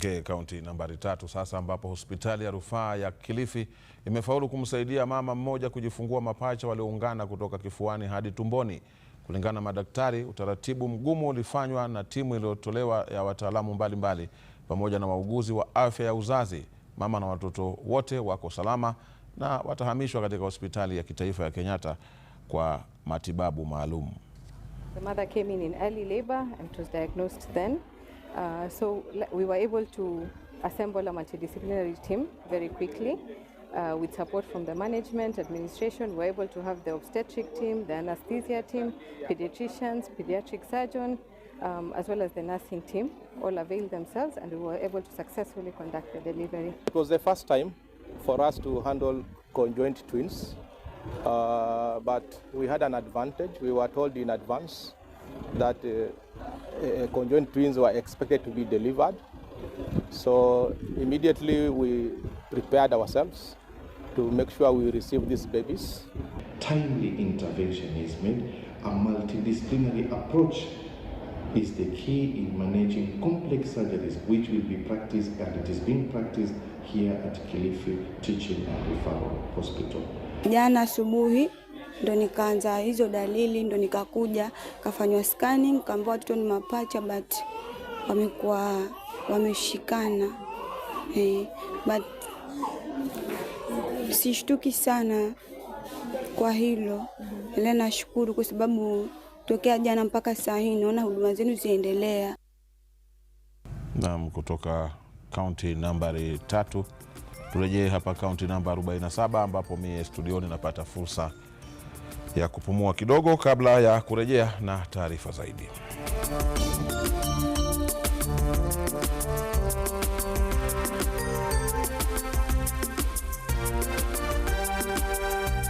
Tuelekee kaunti nambari tatu sasa ambapo hospitali ya rufaa ya Kilifi imefaulu kumsaidia mama mmoja kujifungua mapacha walioungana kutoka kifuani hadi tumboni. Kulingana na madaktari, utaratibu mgumu ulifanywa na timu iliyotolewa ya wataalamu mbalimbali pamoja na wauguzi wa afya ya uzazi. Mama na watoto wote wako salama na watahamishwa katika hospitali ya kitaifa ya Kenyatta kwa matibabu maalum. Uh, so we were able to assemble a multidisciplinary team very quickly uh, with support from the management, administration. We were able to have the obstetric team, the anesthesia team, pediatricians, pediatric surgeon, um, as well as the nursing team, all avail themselves and we were able to successfully conduct the delivery. It was the first time for us to handle conjoined twins, uh, but we had an advantage. We were told in advance that uh, uh, conjoined twins were expected to be delivered. So immediately we prepared ourselves to make sure we receive these babies. Timely intervention is made. A multidisciplinary approach is the key in managing complex surgeries which will be practiced and it is being practiced here at Kilifi Teaching and Referral Hospital. Jana asubuhi ndo nikaanza hizo dalili, ndo nikakuja kafanywa scanning, kaambiwa watoto ni mapacha but wamekuwa wameshikana eh, but sishtuki sana kwa hilo ila nashukuru kwa sababu tokea jana mpaka saa hii naona huduma zenu ziendelea. Naam, kutoka kaunti nambari tatu turejee hapa kaunti namba 47 ambapo mie studioni napata fursa ya kupumua kidogo kabla ya kurejea na taarifa zaidi.